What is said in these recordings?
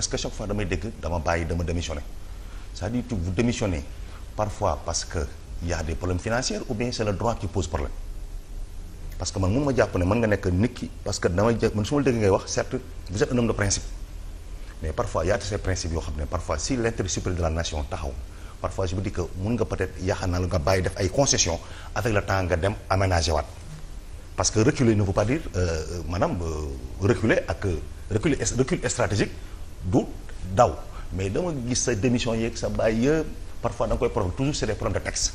est-ce que chaque fois damay dégg dama bàyyi dama démissionner c'est-à-dire que vous parfois parce que y a des problèmes financiers ou bien c'est le droit qui pose problème parce que man mun ma jàpp ne mën nga nekk nit ki parce que damay jë man su ma dégg ngay wax certes vous êtes un homme principe mais parfois y a ces principes yoo xam ne parfois si l'intérêt supérieur de la nation taxaw parfois je me dis mun nga peut-être yaakaar naa nga bàyyi du daw mais dama gis sa démission yeeg sa bàyyi yëpp parfois da koy problème toujours c'est des problèmes de texte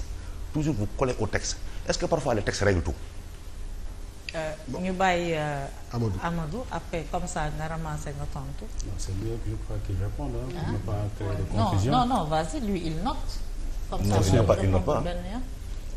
toujours vous collez au texte est-ce que parfois le texte règle tout. Euh, ñu euh, bàyyi. Euh, Amadou Amadou après comme ça nga ramasser nga tontu. non c'est lui je lui il note. comme ça il il note pas.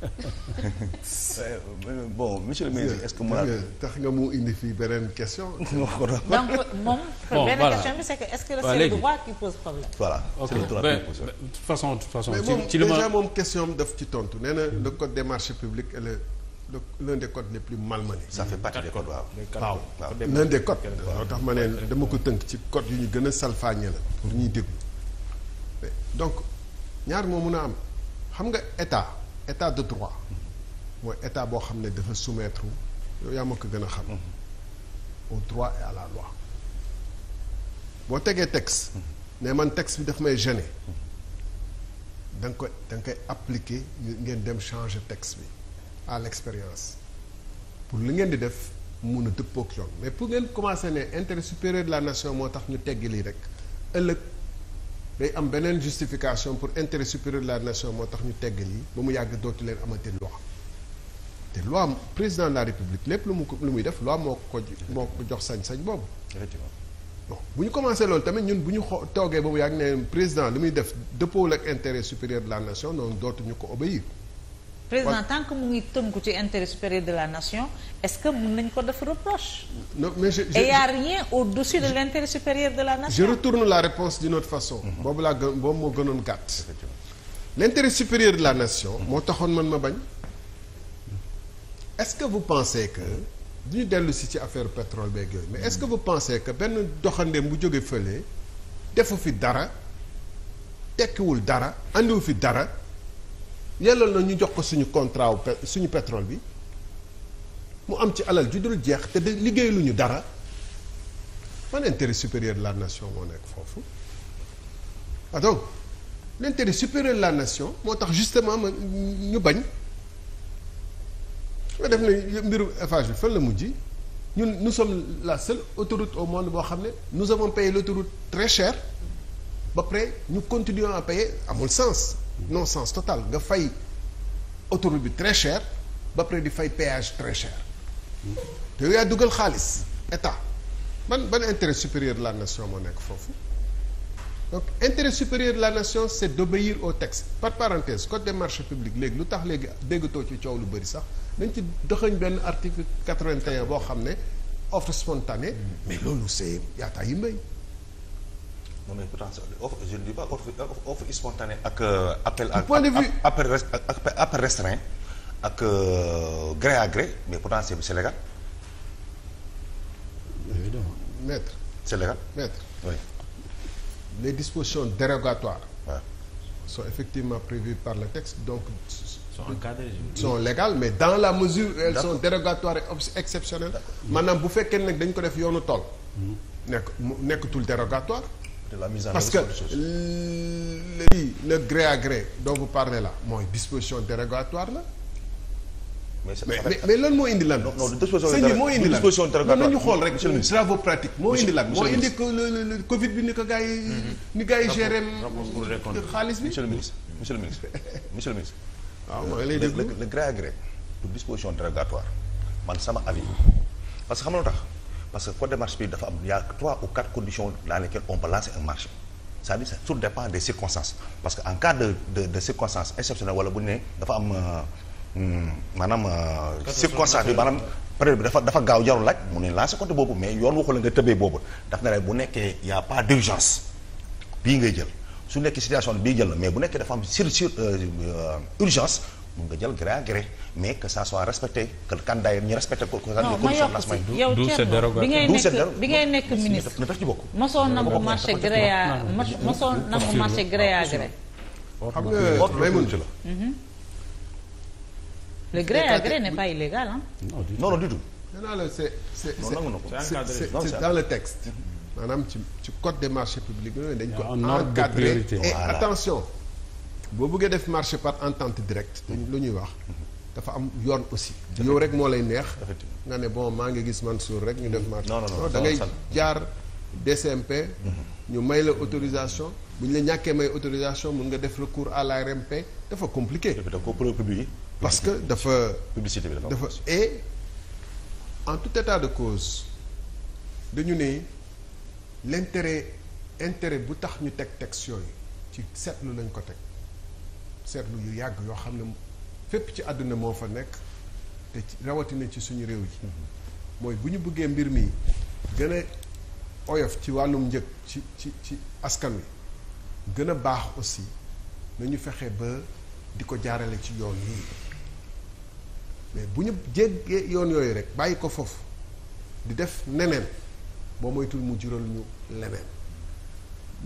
bon monsieur le ministre est-ce que mu tax nga mu indi fii beneen question. donc moom. bon voilà beneen question bi c'est que est-ce que c'est le droit qui pose problème. voilà c'est le droit qui pose problème. de toute façon de toute façon. ci li ma déjà moom question am daf ci tontu nee na le code des marchés publics et le. l'un des codes les plus malmenés. ça fait partie des codes waaw. waaw l'un des codes. loo tax ma ne dama ko tënk ci code yu ñu gën a salfaañe la. pour ñuy déglu donc ñaar moo mun a am xam nga état. état de droit mooy état boo xam ne dafa soumettre yow yaa ma ko gën a xam mm-hmm. au droit à la loi boo tegee texte mm-hmm. ne man texte bi daf may gêner mm-hmm. da ko koy koy appliquer ngeen dem changer texte bi à l'expérience pour li ngeen di def mun a dëppook yoon mais pour ngeen commencer ne intérêt supérieur de la nation moo tax ñu teggi lii rek ëllëg day am beneen justification pour intérêt supérieur de la nation moo tax ñu tegg lii ba mu yàgg dootu leen amati loi te loi président de la république lépp lu mu ko lu muy def loi moo ko moo ko jox sañ-sañ boobu. bon bu ñu commencé loolu tamit ñun bu ñu xoo toogee ba mu yàgg ne président li muy def dëppoowul ak intérêt supérieur de la nation noonu dootu ñu ko obéir. président tant que mu ngi tënku ci intérêt supérieur de la nation est-ce que mën nañ ko def reproche. et y a rien au-dessus de l'intérêt supérieur de la nation. je retourne la réponse d'une autre façon. Mhm. boobu laa gën boobu moo gënoon gàtt. l'intérêt supérieur de la nation. moo taxoon man ma bañ. est-ce que vous pensez que. ñu dellu si ci affaire pétrole beeg yooyu mais est-ce que vous pensez que benn doxandeem bu jóge fële defu fi dara tekkiwul dara andiwu fi dara. yelloon na ñu jox ko suñu contrat suñu pétrole bi mu am ci alal ju dul jeex te de liggéey lu ñu dara man intérêt supérieur la nation moo nekk foofu ah donc l' intérêt supérieur la nation moo tax justement ma ñu bañ nga def ne mbiru Eiffage bi fan la mujj ñun nous sommes la seule autoroute au monde boo xam ne nous avons payé l' autoroute très cher ba pare ñu continuons à payer amul sens non sens total nga fay autoroute bi très cher ba pare di fay péage très cher te yow yaa dugal xaalis état ban ban intérêt supérieur la nation moo nekk foofu donc intérêt supérieur de la nation c' est d' obéir au texte par parenthèse code de marché publics léegi lu tax léegi déggatoo ci coow lu bëri sax dañ ci dëxëñ benn article 81 boo xam ne offre spontanée mais loolu c' est yaataa yi mbay non mais pourtant je ne dis pas offre offre spontanée ak euh, appel. point de vue ak appel appel restreint ak euh, gré à gré mais pourtant c'est légal. évidemment maître. légal maître. les dispositions dérogatoires. Ouais. effectivement prévues par le texte donc. sont encadrées sont légales mais dans la mesure. elles sont dérogatoires et exceptionnelles. maanaam bu fekkee nag dañ ko def yoonu tool. Mm-hmm. nekk nekkatul dérogatoire. de la mise parce que lii le gré à gré dont vous parlez mooy disposition dérogatoire la. mais mais lan moo indi lan. non non moo indi lan disposition moo indi lan. moo indi ko Covid bi ni ko gars mm-hmm. ni gars yi xaalis bi. monsieur le ministre monsieur le ministre monsieur le ministre. waaw ah, mooy lay déglu le gré à gré. du disposition dérogatoire man sama avis parce que xam nga lu parce que code de marché public dafa am il a trois ou quatre conditions dans lesquelles on peut lancer un marché c'est-à-dire ça tout dépend des parce que en cas de de circonstance exceptionnelle wala bu nee dafa am euh, hmm, maanaam euh, circonstance bi maanaam période bi dafa dafa gaaw jarul laaj mu ne lancer compte boobu mais yoon waxu nga tëbee boobu daf na bu nekkee y a pas d'urgence bii ngay jël su nekkee situation bii jël la mais bu nekkee dafa am sur sur euh, urgence mun nga jël gré à mais que ça soit respecté que le candidat yi ñu respecté ko que condition de placement yi yow Thierno bi ngay nekk bi ngay nekk na tax marché gré à le gré à gré pas illégal hein non non du c'est dans le texte maanaam ci ci code des marchés publics dañ ko encadré et attention boo bëggee def marché par entente directe te lu ñuy wax dafa am yoon aussi yow rek moo lay neex nga ne bon maa ngi gis man Mansour rek ñu def marché non da ngay jaar DCMP mhm. ñu may la autorisation bu ñu la ñàkkee may autorisation mun nga def recours à la l'ARMP dafa compliqué parce que dafa publicité bi dafa et en tout état de cause dañu ne l'intérêt intérêt bu tax ñu teg texte yi ci seetlu lañ ko teg seetlu yu yàgg yoo xam ne fépp ci àdduna moo fa nekk te rawatina ci suñu réew yi mm-hmm. mooy bu ñu bëggee mbir mi gën a oyof ci wàllum njëg ci ci ci askan wi gën a baax aussi nañu fexe ba di ko jaarale ci yoon yii mais bu ñu jéggee yoon yooyu rek bàyyi ko foofu di def neneen boo moytul mu jural ñu leneen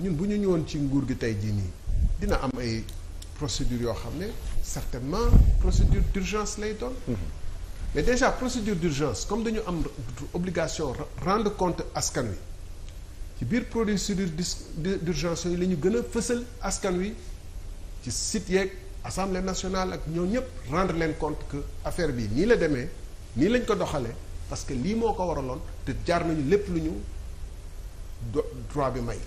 ñun bu ñu ñëwoon ci nguur gi tey jii nii dina am ay procédure yoo xam ne certainement procédure d'urgence lay doon mhm. mais déjà procédure d'urgence comme dañu am obligation rendre compte askan wi ci biir procédure d'urgence yooyu la ñu gën a fësal askan wi ci site yeeg assemblée nationale ak ñoo ñëpp rendre leen compte que affaire bi nii la demee nii lañ ko doxalee parce que lii moo ko waraloon te jaar nañu lépp lu ñu droit bi may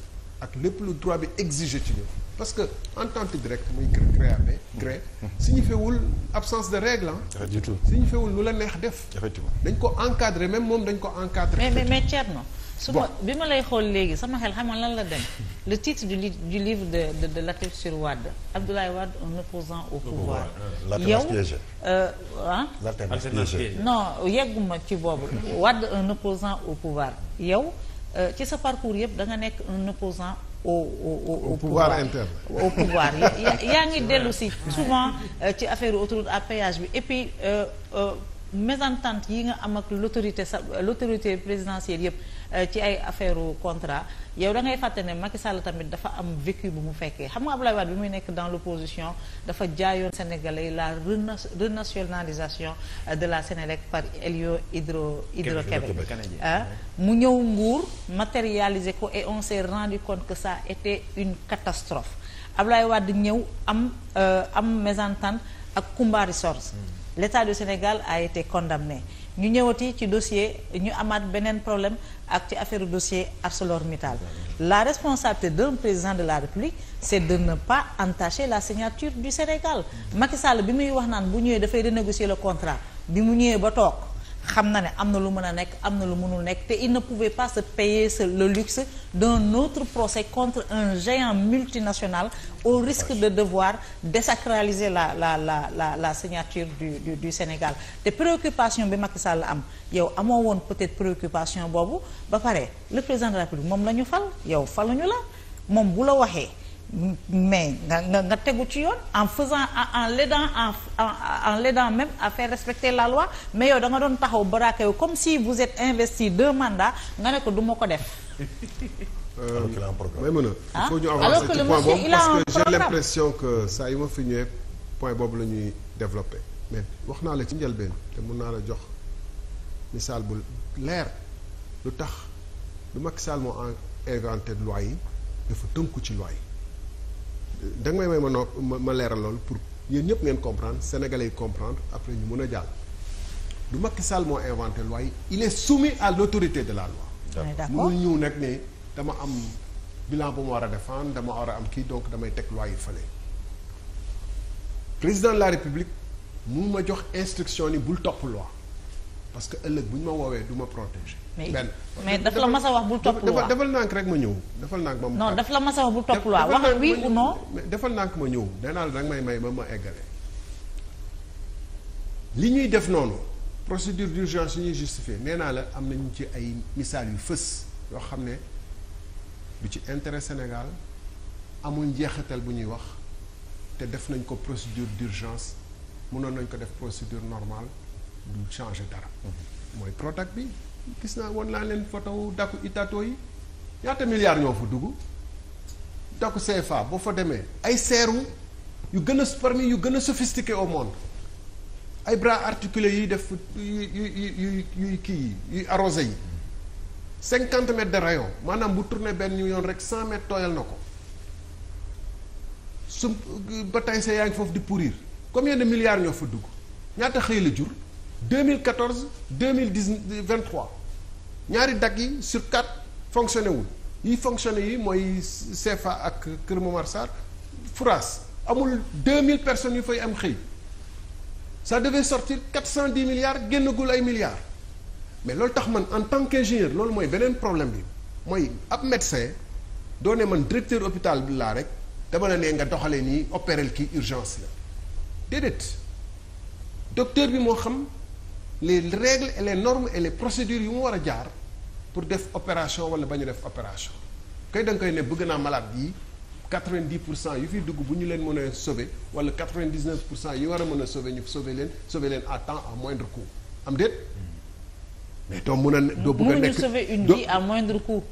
ak lépp lu droit bi exiger ci ñu parce que entente directe muy gré gré signifiewul absence de règle ah. du tout signifiewul lu la neex def. effectivement dañ ko encadrer même moom dañ ko encadrer. mais mais Thierno. su ma bi ma lay xool léegi sama xel xam nga lan la dem le titre du li du livre de de de Latif sur Wade Abdoulaye Wade un opposant au pouvoir. Euh, yow ah. non yegguma ci boobu. wadd un opposant au pouvoir yow euh, ci sa parcours yëpp da nga nekk un opposant au au au pouvoir interne au pouvoir yaa ngi dellu souvent euh, ci affaire autoroute à péage bi et euh, euh, mésentente yi nga am ak l'autorité sa l'autorité présidentielle yëpp euh, ci ay affaire contrat yow da ngay fàtte ne Macky Sall tamit dafa am vécu bu mu fekkee xam nga Abdoulaye Wade bi muy nekk dans l'opposition dafa jaayoon Sénégalais la renationalisation euh, de la Sénélec par Elio Hydro hydro bi ah mu ñëw nguur matérialiser ko et on s'est rendu compte que sa était une catastrophe Abdoulaye Wade ñëw am euh, am mésentente ak Kumba Resources hmm. l'État du Sénégal a été condamné ñu ñëwati ci dossier ñu amaat beneen problème ak ci affaire dossier ArcelorMittal la responsabilité d'un président de la République c'est de ne pas entacher la signature du Sénégal Macky Sall bi muy wax naan bu ñëwee dafay renégocier le contrat bi mu ñëwee ba toog xam na ne am na lu mën a nekk am na lu mënul nekk te il ne pouvait pas se payer le luxe d'un autre procès contre un géant multinational au risque de devoir désacraliser la la la la la signature du du, Sénégal te préoccupation bi Macky Sall am yow amoo woon peut-être préoccupation boobu ba pare le président République moom la ñu fal yow faluñu la moom bu la waxee mais nga nga tegu ci yoon en faisant en l'aidant en l'aidant même à faire respecter la loi mais yow da doon taxaw baraake comme si vous êtes investi deux mandats nga ne ko du ma ko def. Euh, alors que may mën a. il faut ñu avancer ci point boobu parce que j'ai l'impression que saa yu fi ñëwee point boobu la ñuy développer mais wax naa la ci njëlbeen te mun naa la jox misaal bu leer lu tax lu Macky Sall moo inventé loi yi dafa tënku ci loi yi. da may may ma noo ma leeral loolu pour yéen ñëpp ngeen comprendre sénégalais yi comprendre après ñu mën a jàll du makk Sall moo inventé loi yi il est soumis à l'autorité de la loi mënul ñëw nag ne dama am bilan bu ma war a défendre dama war a am kii donc damay teg loi yi fële président de la république mu ma jox instruction ni bul topp loi parce que ëllëg bu ñu ma woowee du ma protéger. benn mais daf la mas a wax bul topp loi defal nànk rek ma ñëw defal nànk ma. non daf la mas a wax bul topp loi wax oui ou non. defal nànk ma ñëw nee naa la danga may may ba ma eggale. li ñuy def noonu procédure d'urgence yi ñuy justifier nee naa la am ñu ci ay misaal yu fës yoo xam ne bu ci intérêt Sénégal amul njeexital bu ñuy wax te def nañ ko procédure d'urgence mënoon nañ ko def procédure normale. du changé dara mooy Prodac bi gis naa woon naa leen foto daku itato yi ñaata milliards ñoo fa dugg daku CFA boo fa demee ay seeru yu gën a parmi yu gën a sophistiqué au monde ay bras articulés yuy def yuy yuy yuy kii yi yuy arrosé yi cinquante mètres de rayon maanaam bu tourné benn yoon rek cent mètres tooyal na ko su ba tey yaa ngi foofu di pourir comme yenn milliards ñoo fa dugg ñaata xëy la jur deux mille mille 2014 2023 ñaari dagg yi sur quatre fonctionné wul yi fonctionné yi mooy CFA ak Kër Momar Sarr Fouras amul mille personne yu fay am xëy ça devait sortir 410 milliards génnagul ay milliards mais loolu tax man en tant que qu'ingénieur loolu mooy beneen problème bi mooy ab médecin doo ne man directeur hôpital bi laa rek dama la ne nga doxalee nii opérer kii urgence la déedéet docteur bi moo xam. les règles et les norme et les procédures yu mu war a jaar pour def opération wala bañu ñu def opération kay da nga koy ne bëgg naa malade yi 90 pour cent yu fi dugg bu ñu leen mën a sauver wala 99 pour cent yu war a mën a sauver ñu sauver leen sauver leen à temps à moindre coût am déet mm. mais doo mën a. doo bëgg a nekk mënuñu sauver une vie à moindre coût.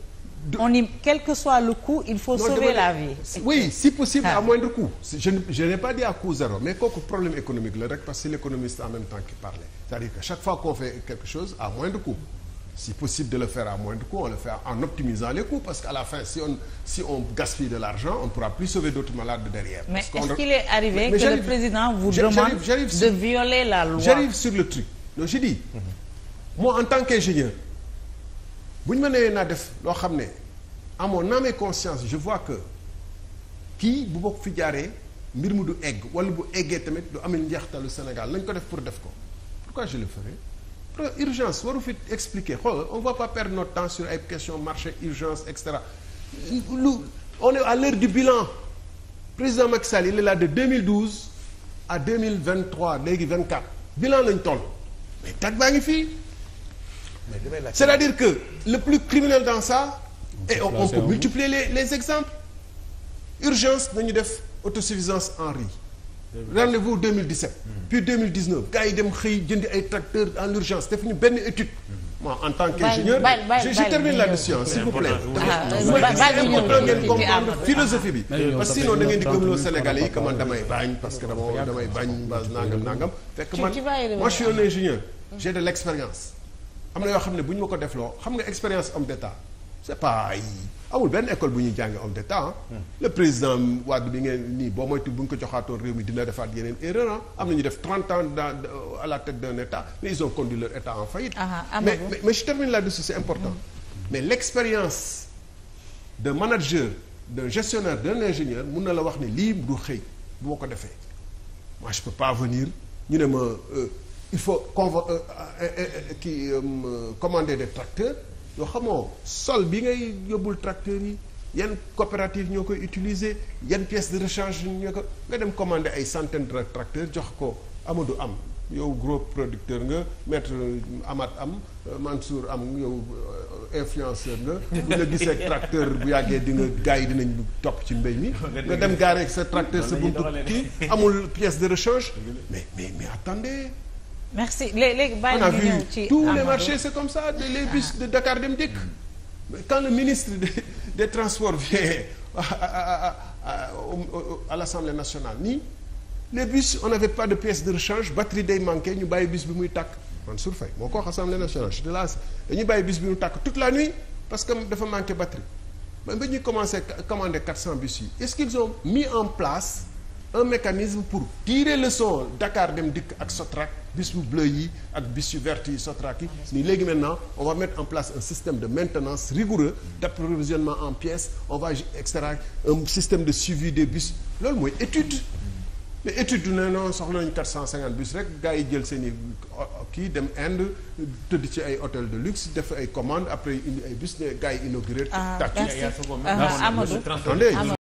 on y quel que soit le coût il faut non, sauver la vie. oui si possible ah. à moindre coût. je n'ai pas dit à coût zéro mais kooku problème économique la rek parce que l'économiste en même temps qui parlait c'est-à-dire que chaque fois qu'on fait quelque chose à moindre coût. si possible de le faire à moindre coût on le fait en optimisant les coûts parce qu'à la fin si on si on gaspille de l'argent on ne pourra plus sauver d'autres malades derrière. mais est-ce qu'il tant qu'ingénieur. bu ñu ma newee naa def loo xam ne amoon mon âme conscience je vois que kii bu bokk fi jaaree mbir mu du egg wala bu eggee tamit du amel njeextalu Sénégal lañ ko def pour def ko pourquoi je le ferai pour urgence waru fit expliquer xool on va pas perdre no temps sur ay question marché urgence et cetera lu on est à l'heure du bilan président Macky Sall il est là de 2012 à 2023 léegi 24 bilan lañ toll mais tag baa ngi fii c'est-à-dire que le plus criminel dans ça et on, on peut multiplier les, les exemples urgence nañu def autosuffisance en riz rendez-vous 2017 hmm. puis 2019 gars yi dem xëy jëndi ay tracteurs en urgence defuñu benn étude hmm. moi en tant qu'ingénieur je, je termine là-dessus s'il vous plaît ah, c'est important ngeen que sinon da ngeen di gëmloo Sénégalais yi que man damay bañ parce que damay bañ base nangam nangam fekk man moi je de l'expérience am na yoo xam ne bu ñu ma ko defloo xam nga expérience homme d'état c'est pas amul benn école bu ñuy jàngee homme d'état hmm. le président Wade bi ngeen nii boo moytu bu ñu ko joxaatoon réew mi dina defaat yeneen erreur ah am na ñu def 30 ans dans euh, à la tête d'un état mais ah, ah, mais, mais mais je de là-dessus c'est important. Mm. mais l'expérience d'un manager d'un gestionnaire d'un ingénieur mun na la wax ni lii du xëy bu ma ko defee moi je peux ñu ne ma euh, il faut convo euh, Eh, eh, eh, kii euh, commander des tracteurs yoo xamoo sol bi ngay yóbbul tracteurs yi yan coopérative ñoo koy utiliser yan pièces de rechange ñoo ko nga dem commander ay centaines de jox ko Amadou am yow gros producteur nga maître amaat am euh, Mansour am yow euh, influenceur nga bu la gisee tracteur bu yàggee di nga gars yi dinañ topp ci mbéy mi nga dem gaaree sa tracteur sa buntu kii amul pièce de rechange mais mais mais attendez merci léegi bàyyi on a vu tous les marchés c'est comme ça de les bus de Dakar Dem Dikk quand le ministre des transports vient à à l'Assemblée nationale nii les bus on n'avait pas de pièces de rechange batterie day manqué ñu bàyyi bus bi muy tàkk Mansour Faye moo ko wax Assemblée nationale je te laisse dañuy bàyyi bus bi mu tàkk toute la nuit parce que dafa manqué batterie ba ba ñuy commencé commandé 400 bus yi est-ce qu'ils ont mis en place un mécanisme pour tirer leçon Dakar Dem Dikk ak Sotrac bis bu bleu yi ak bis yu vert yi Sotrac yi nii léegi maintenant on va mettre en place un système de maintenance rigoureux d'approvisionnement en pièces on va et cetera un système de suivi des bis loolu mooy étude mais étude du ne non soxla nañu 450 rek gars yi jël seen kii dem Inde tëdd ci ay hôtel de luxe def ay commande après indi ay bus ne gars yi inauguré. ah merci ah, Amadou